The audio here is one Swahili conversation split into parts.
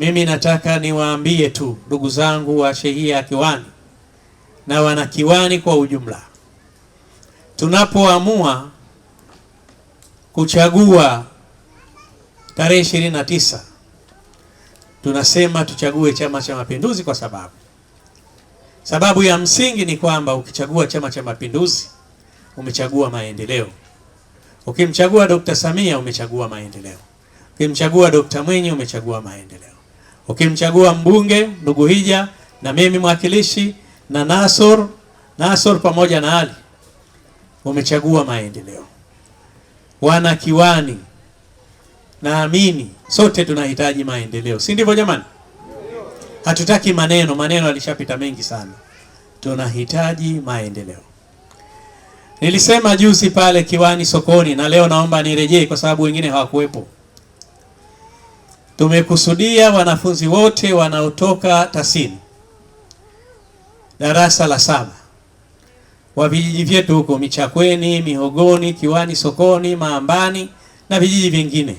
Mimi nataka niwaambie tu ndugu zangu wa shehia ya Kiwani na wana Kiwani kwa ujumla, tunapoamua kuchagua tarehe ishirini na tisa tunasema tuchague Chama cha Mapinduzi kwa sababu sababu ya msingi ni kwamba ukichagua Chama cha Mapinduzi umechagua maendeleo. Ukimchagua Dr. Samia umechagua maendeleo. Ukimchagua Dr. Mwinyi umechagua maendeleo. Ukimchagua mbunge ndugu Hija na mimi mwakilishi na Nasor Nasor pamoja na Ali, umechagua maendeleo. Wana Kiwani, naamini sote tunahitaji maendeleo, si ndivyo jamani? Hatutaki maneno, maneno alishapita mengi sana, tunahitaji maendeleo. Nilisema juzi pale Kiwani sokoni, na leo naomba nirejee kwa sababu wengine hawakuwepo. Tumekusudia wanafunzi wote wanaotoka TASINI darasa la saba wa vijiji vyetu huko Michakweni, Mihogoni, Kiwani, Sokoni, Maambani na vijiji vingine,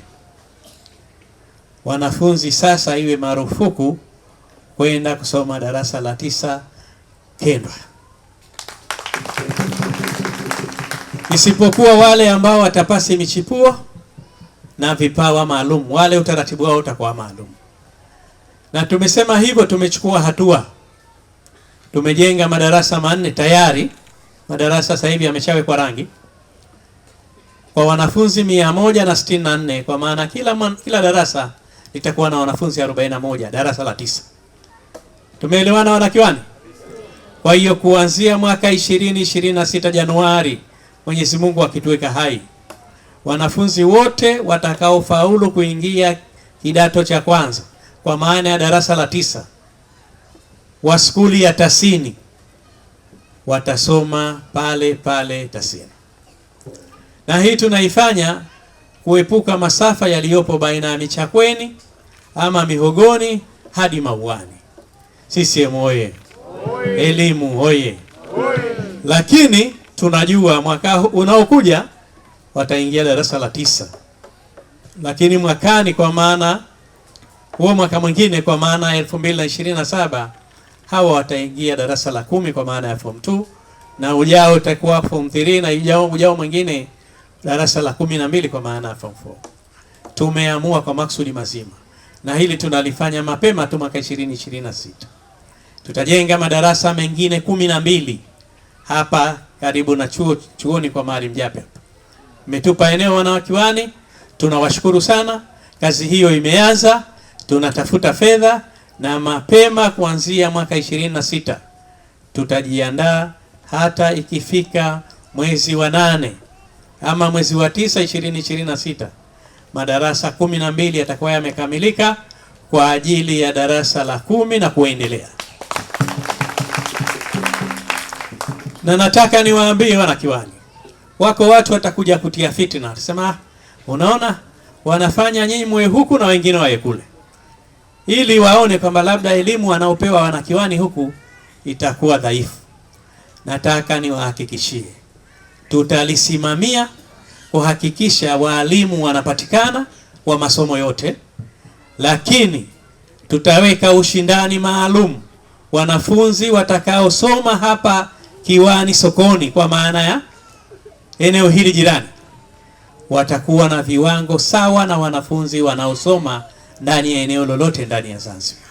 wanafunzi sasa iwe marufuku kwenda kusoma darasa la tisa Kendwa, isipokuwa wale ambao watapasi michipuo na vipawa maalum, wale utaratibu wao utakuwa maalum. Na tumesema hivyo, tumechukua hatua, tumejenga madarasa manne tayari. Madarasa sasa hivi yameshawekwa rangi kwa wanafunzi mia moja na nne kwa maana kila, man, kila darasa litakuwa na wanafunzi 41 darasa la tisa. Tumeelewana wanakiwani? Kwa hiyo kuanzia mwaka 2026 Januari, Mwenyezi Mungu akituweka hai wanafunzi wote watakaofaulu kuingia kidato cha kwanza kwa maana ya darasa la tisa wa skuli ya Tasini watasoma pale pale Tasini, na hii tunaifanya kuepuka masafa yaliyopo baina ya Michakweni ama Mihogoni hadi Mauani. CCM oye! Elimu oye! Lakini tunajua mwaka unaokuja wataingia darasa la tisa, lakini mwakani, kwa maana huo mwaka mwingine, kwa maana 2027 hawa wataingia darasa la kumi kwa maana ya form 2 na ujao utakuwa form 3 na ujao, ujao mwingine darasa la kumi na mbili kwa maana ya form 4. Tumeamua kwa maksudi mazima, na hili tunalifanya mapema tu mwaka 2026 tutajenga madarasa mengine kumi na mbili hapa karibu na chuo chuoni kwa Mwalimu Jape hapa mmetupa eneo wanawakiwani, tunawashukuru sana. Kazi hiyo imeanza, tunatafuta fedha na mapema kuanzia mwaka ishirini na sita tutajiandaa hata ikifika mwezi wa nane ama mwezi wa tisa ishirini ishirini na sita madarasa kumi na mbili yatakuwa yamekamilika kwa ajili ya darasa la kumi na kuendelea. Na nataka niwaambie wanakiwani wako watu watakuja kutia fitna, sema unaona, wanafanya nyinyi mwe huku na wengine wae kule, ili waone kwamba labda elimu wanaopewa wanakiwani huku itakuwa dhaifu. Nataka niwahakikishie tutalisimamia kuhakikisha waalimu wanapatikana wa masomo yote, lakini tutaweka ushindani maalum wanafunzi watakaosoma hapa Kiwani Sokoni, kwa maana ya eneo hili jirani watakuwa na viwango sawa na wanafunzi wanaosoma ndani ya eneo lolote ndani ya Zanzibar.